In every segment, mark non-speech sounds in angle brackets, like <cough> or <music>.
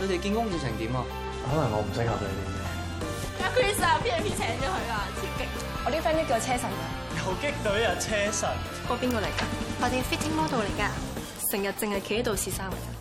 你哋見工做成點啊？可能我唔適合你哋。阿 Chris 啊，PMP 請咗佢啦，刺激！我啲 friend 一叫車神㗎，求擊隊啊，車神那來。嗰個邊個嚟㗎？我哋 fitting model 嚟㗎，成日淨係企喺度試衫㗎。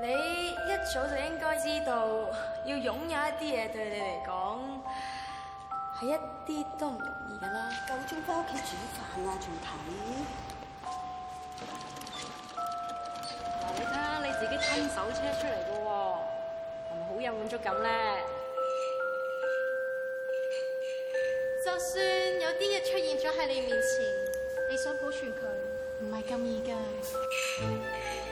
你一早就應該知道，要擁有一啲嘢對你嚟講係一啲都唔容易噶啦。夠鐘翻屋企煮飯啊，仲睇？你睇下你自己親手車出嚟嘅喎，係咪好有滿足感咧？就算有啲嘢出現咗喺你面前，你想保存佢，唔係咁易㗎。 <laughs>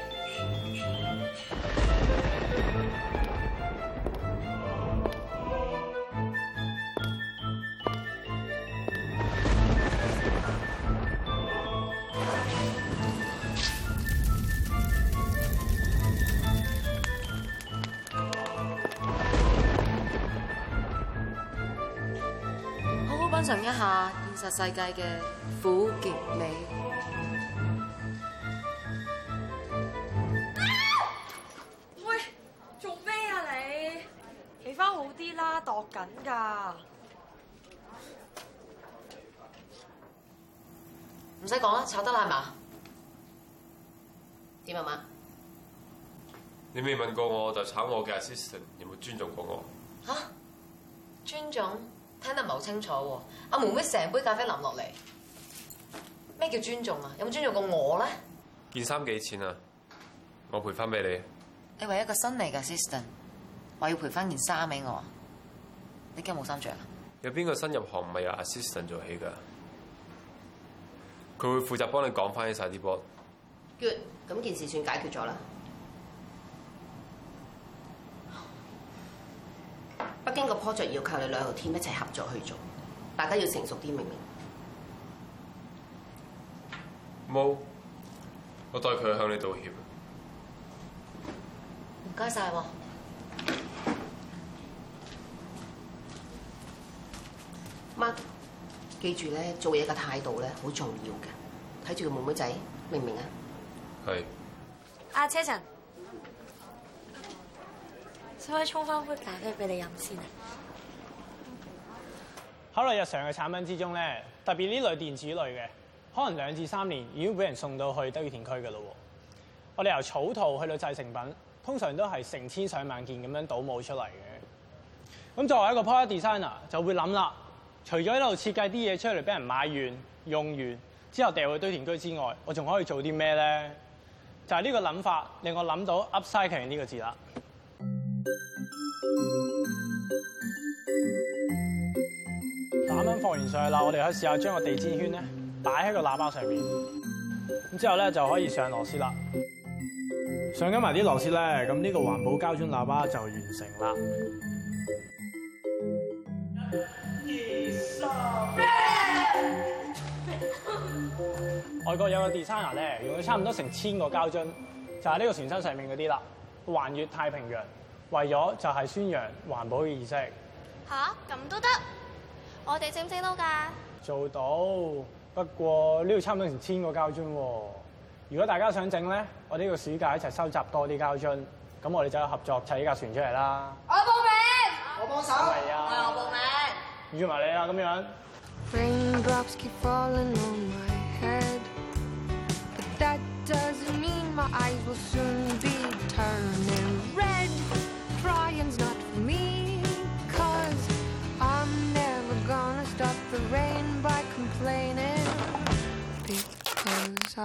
想一下現實世界嘅苦澀味。喂，做咩啊你？企翻好啲啦，度緊㗎。唔使講啦，炒得啦係嘛？點啊媽？你未問過我，我就炒我嘅 assistant，有冇尊重過我？吓、啊？尊重？聽得唔係好清楚喎，阿妹妹成杯咖啡淋落嚟，咩叫尊重啊？有冇尊重過我咧？件衫幾錢啊？我賠翻俾你。你為一個新嚟嘅 assistant 話要賠翻件衫俾我，你驚冇衫着啊？有邊個新入行唔係由 assistant 做起㗎？佢會負責幫你講翻起晒啲波。Good，咁件事算解決咗啦。北京個 project 要靠你兩條 team 一齊合作去做，大家要成熟啲，明唔明？冇，我代佢向你道歉。唔該曬喎，媽，記住咧，做嘢嘅態度咧，好重要嘅，睇住個妹妹仔，明唔明啊？係。阿車臣。可可以衝翻杯咖啡俾你飲先。考慮日常嘅產品之中咧，特別呢類電子類嘅，可能兩至三年已經俾人送到去堆填區嘅咯。我哋由草圖去到製成品，通常都係成千上萬件咁樣倒模出嚟嘅。咁作為一個 product designer，就會諗啦，除咗喺度設計啲嘢出嚟俾人買完用完之後掉去堆填區之外，我仲可以做啲咩咧？就係呢個諗法令我諗到 upcycle 呢個字啦。喇叭放完上去啦，我哋可以試下將個地氈圈咧擺喺個喇叭上面，咁之後咧就可以上螺絲啦。上緊埋啲螺絲咧，咁呢個環保膠樽喇叭就完成啦。二十倍。 <laughs> 外國有個 designer 咧，用咗差唔多成千個膠樽，就係、是、呢個船身上面嗰啲啦，橫越太平洋。為咗就係宣揚環保嘅意識。吓、啊，咁都得，我哋整唔整到㗎？做到，不過呢度差唔多成千個膠樽喎。如果大家想整咧，我哋呢個暑假一齊收集多啲膠樽，咁我哋就合作砌呢架船出嚟啦。我報名，我幫手。係啊，我報名。預埋你啦，咁樣。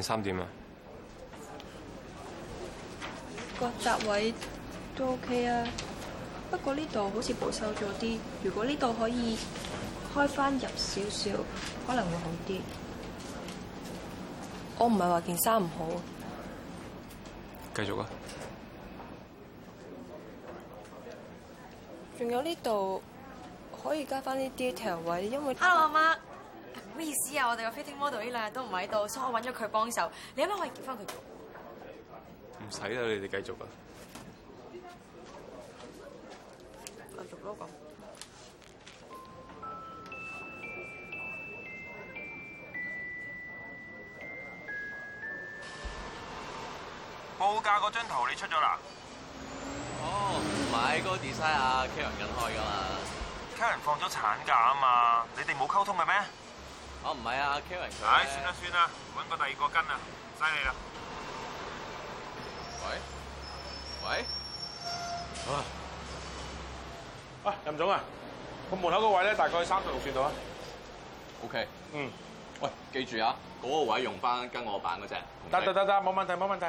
件衫點啊，各紮位都 OK 啊，不過呢度好似保守咗啲，如果呢度可以開翻入少少，可能會好啲。我唔係話件衫唔好，繼續啊。仲有呢度可以加翻啲 detail 位，因為。Hello，阿媽。咩意思啊？我哋個 fitting model 呢兩日都唔喺度，所以我搵咗佢幫手。你可唔可以接返佢做？唔使啦，你哋繼續啊。繼續囉，噉報價嗰張圖你出咗啦？哦，唔係嗰個 design 啊，Karen 緊開㗎嘛。Karen 放咗產假啊嘛，你哋冇溝通嘅咩？哦，唔係啊，Kevin，唉，算啦算啦，搵個第二個跟喂啊，犀利啦。喂喂，啊。喂，任總啊，個門口個位咧，大概三十六寸度啊。O K，嗯。喂，記住啊，嗰、那個位用翻跟我板嗰隻。得得得得，冇問題冇問題。問題。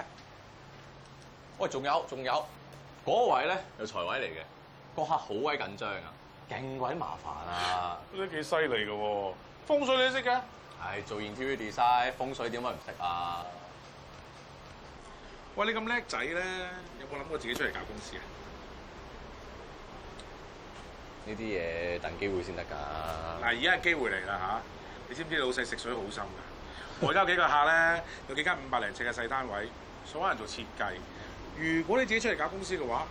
喂，仲有仲有，嗰、那個位咧有財位嚟嘅，個客好鬼緊張啊，勁鬼麻煩啊。都幾犀利嘅喎。風水你都識嘅？係做完 TV design，風水點解唔識啊？喂，你咁叻仔咧，有冇諗過自己出嚟搞公司啊？呢啲嘢等機會先得噶。嗱，而家係機會嚟啦嚇！你知唔知老細食水好深㗎？我交幾個客咧，有幾間五百零尺嘅細單位，所有人做設計。如果你自己出嚟搞公司嘅話，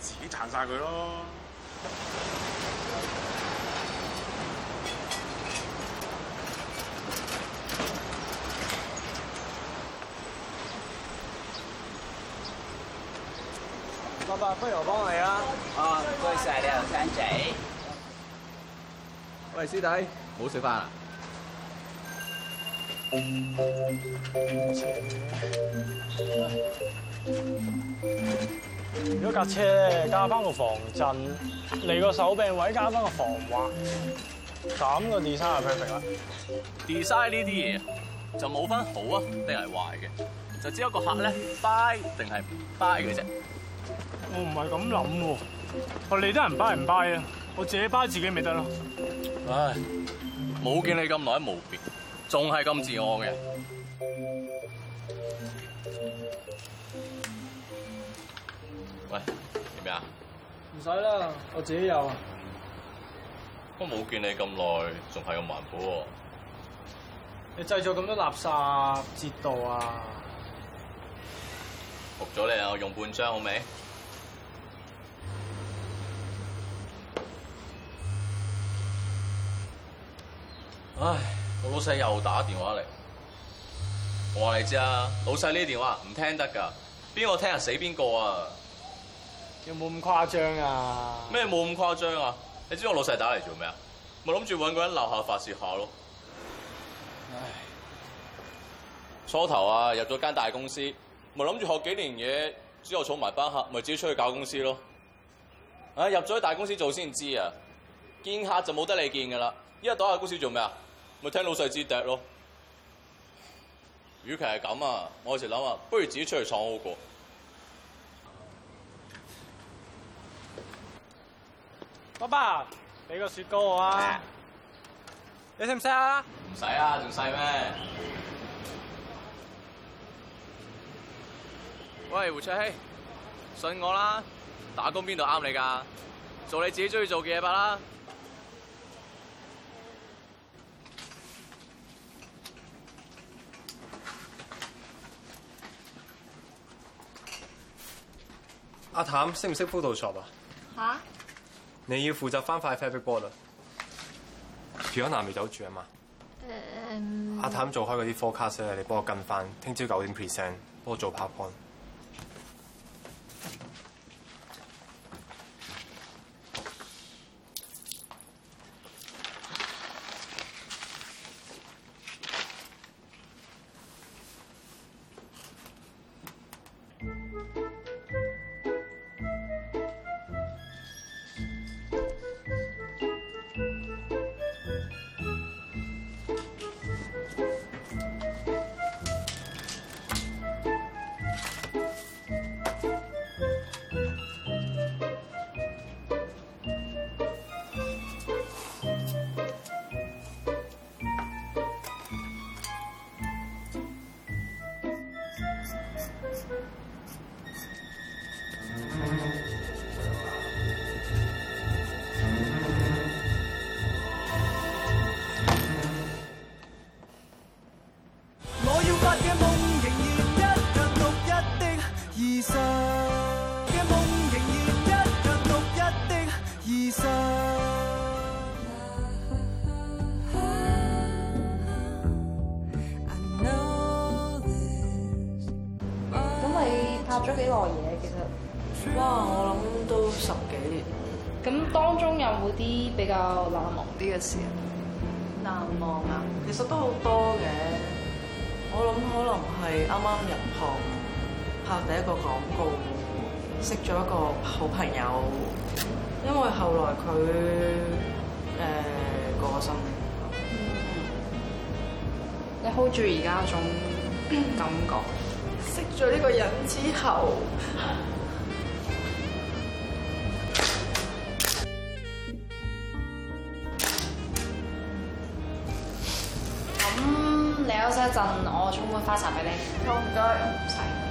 自己賺晒佢咯。不如我都要幫你啦，啊、哦！唔該晒你後生仔。喂，師弟，好食飯啊？如果架車，加翻個防震，嚟個手柄位加翻個防滑，咁個 design 就 perfect 喇。design 呢啲嘢就冇分好啊定係壞嘅，就只有個客咧 buy 定係唔 buy 嘅啫。我唔係咁諗喎，我理得人掰，唔掰啊！我自己掰自己咪得咯。唉，冇見你咁耐，無別，仲係咁自我嘅。喂，點呀？唔使啦，我自己有。我冇見你咁耐，仲係咁環保喎。你製造咁多垃圾，折度啊！服咗你啦，我用半張好未？唉，我老細又打電話嚟。我話你知啊，老細呢啲電話唔聽得噶邊個聽啊死邊個啊？有冇咁誇張啊？咩冇咁誇張啊？你知我老細打嚟做咩啊？咪諗住搵個人樓下發洩下咯。唉，初頭啊，入咗間大公司，咪諗住學幾年嘢，之後儲埋班客，咪自己出去搞公司咯。唉，入咗大公司做先知啊，見客就冇得你見噶啦，依家躲喺公司做咩啊？咪聽老細支笛咯，與其係咁啊，我一直諗啊，不如自己出去闖好過。爸爸，俾個雪糕我啊，你使唔使啊？唔使啊，仲使咩？喂，胡卓希，信我啦，打工邊度啱你㗎？做你自己中意做嘅嘢吧啦。阿譚識唔識 Photoshop 啊？吓！你要負責翻塊 fabric board 啊！喬安娜未走住啊嘛。嗯、阿譚做開嗰啲 forecast 咧，你幫我跟翻。聽朝九點 present，幫我做 PowerPoint 咗幾耐嘢？其實哇，我諗都十幾年。咁當中有冇啲比較難忘啲嘅事啊？難忘啊，其實都好多嘅。我諗可能係啱啱入行拍第一個廣告，識咗一個好朋友。因為後來佢誒、呃、過身，嗯、你 hold 住而家種感覺。嗯做呢個人之後，咁 <laughs> 你休息一陣，我沖杯花茶俾你。好唔該，唔使。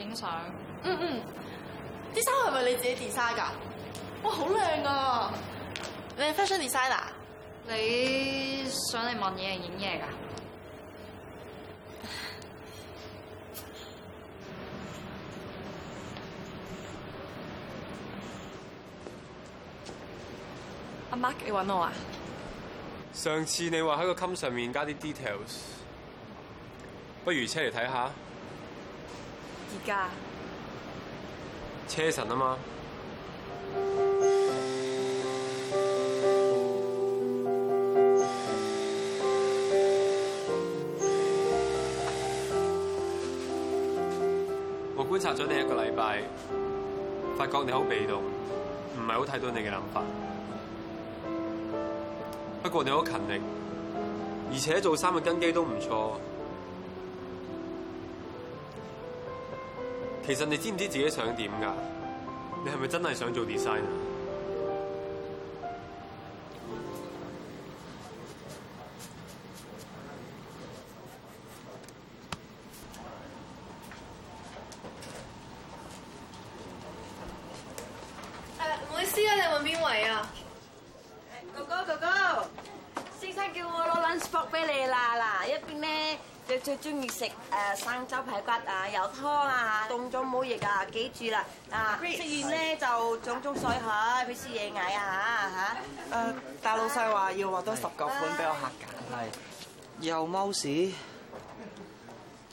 影相、嗯。嗯嗯，啲衫係咪你自己 design 噶？哇，好靚啊！你係 fashion designer？你想嚟問嘢定影嘢噶？阿、啊、Mark，你揾我啊？上次你話喺個襟上面加啲 details，不如出嚟睇下。而家車神啊嘛！我觀察咗你一個禮拜，發覺你好被動，唔係好睇到你嘅諗法。不過你好勤力，而且做三個根基都唔錯。其實你知唔知自己想點噶？你係咪真係想做 designer？誒，唔好意思啊，你問邊位啊？哥哥，哥哥，先生叫我攞 lunch box 俾你啦。最中意食誒生州排骨啊，有湯啊嚇，凍咗冇嘢噶，記住啦啊！食完咧就種種水佢，別説夜蟻啊嚇嚇。誒，大老細話要畫多十個款俾我客揀，係又貓屎。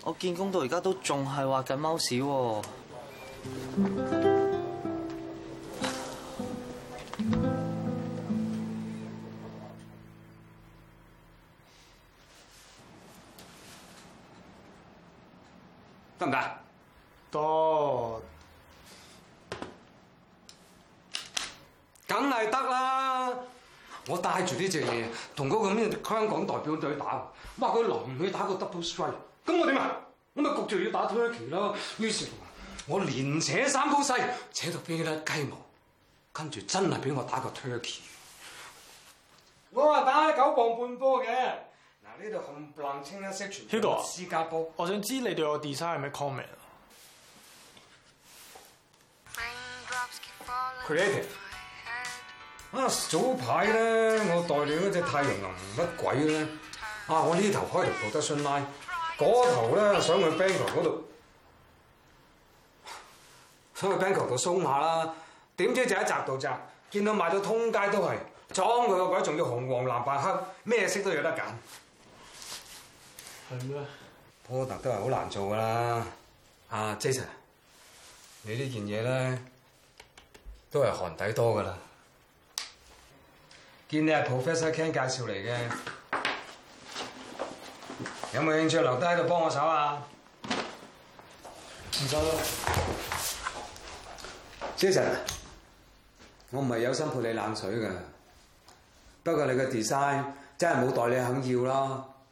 我見工到而家都仲係畫緊貓屎喎。得唔得？得，梗係得啦！我帶住呢隻嘢，同嗰個咩香港代表隊打，話佢落唔去打個 double strike，咁我點啊？咁咪焗住要打 turkey 咯！於是乎，我連扯三好勢，扯到邊個雞毛？跟住真係俾我打個 turkey，我話打九磅半波嘅。呢度紅藍青一色，全部 Hugo, 新加坡。我想知道你對我 design 係咩 comment？Creative 啊！早排咧，我代理嗰隻太陽能乜鬼咧啊！我這頭上那頭呢頭開頭做得順啦，嗰頭咧想去 Bangkok 嗰度，想去 Bangkok 度鬆下啦。點知就喺扎道扎，見到賣到通街都係裝佢個鬼，仲要紅黃藍白黑咩色都有得揀。係咩？波特都係好難做噶啦，阿 Jason，你呢件嘢咧都係寒底多噶啦。見你係 Professor King 介紹嚟嘅，有冇興趣留低喺度幫我手啊？唔使啦，Jason，我唔係有心潑你冷水噶，不過你嘅 design 真係冇代理你肯要囉。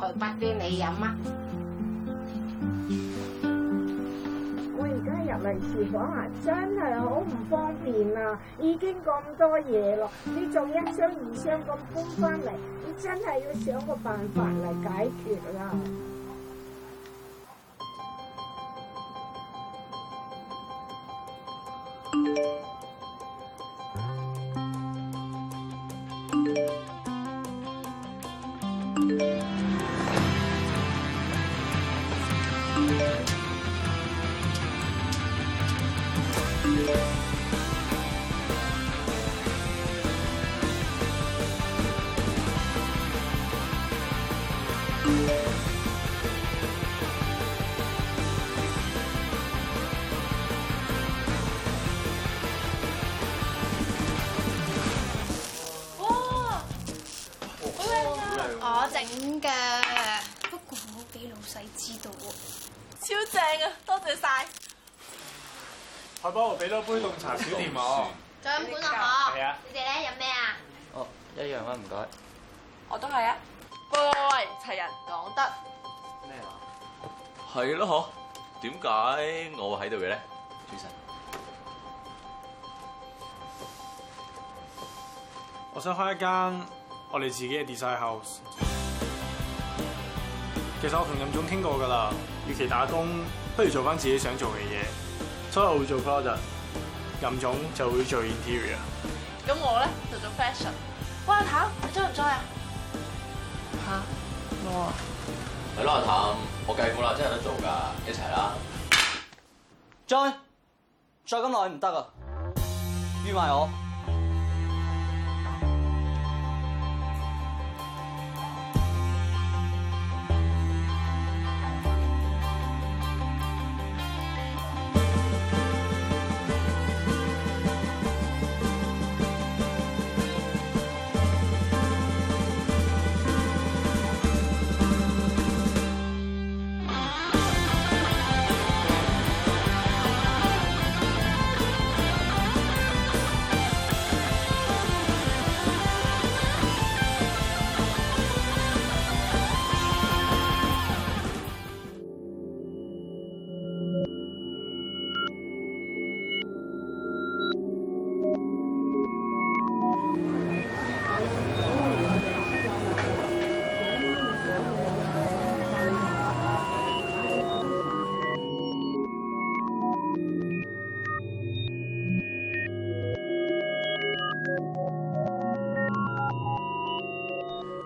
去北京你飲乜？我而家入嚟廚房啊，真係好唔方便啊！已經咁多嘢咯，你仲一箱二箱咁搬翻嚟，你真係要想個辦法嚟解決啦！正啊，多謝晒！幫我俾多杯凍茶小，小點我。再飲半粒呵。係啊的。你哋咧飲咩啊？哦，一樣啊，唔該。我都係啊。喂喂喂，齊人講得咩啊？係咯麼，呵。點解我會喺度嘅咧？主席，我想開一間我哋自己嘅 design house。其實我同任總傾過噶啦。與其打工，不如做翻自己想做嘅嘢。所以我會做 product，任總就會做 interior。咁我咧就做 fashion。阿譚，你 join 唔 join 啊？嚇！哇！係咯，阿譚，我計過啦，真係得做㗎，一齊啦！join，再咁耐唔得㗎！預埋我。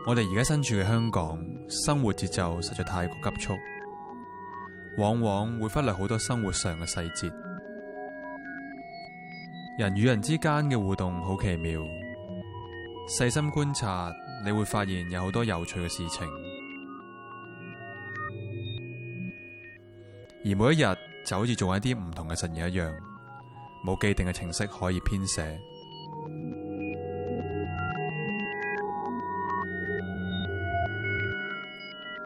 我哋而家身處嘅香港，生活節奏實在太過急促，往往會忽略好多生活上嘅細節。人與人之間嘅互動好奇妙，細心觀察你會發現有好多有趣嘅事情。而每一日就好似做一啲唔同嘅實驗一樣，冇既定嘅程式可以編寫。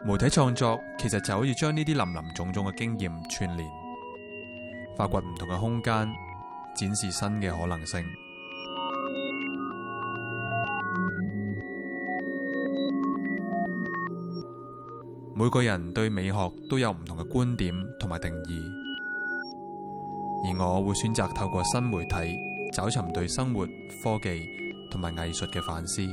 媒體創作其實就可以將呢啲林林種種嘅經驗串聯，發掘唔同嘅空間，展示新嘅可能性。每個人對美學都有唔同嘅觀點同埋定義，而我會選擇透過新媒體找尋對生活、科技同埋藝術嘅反思。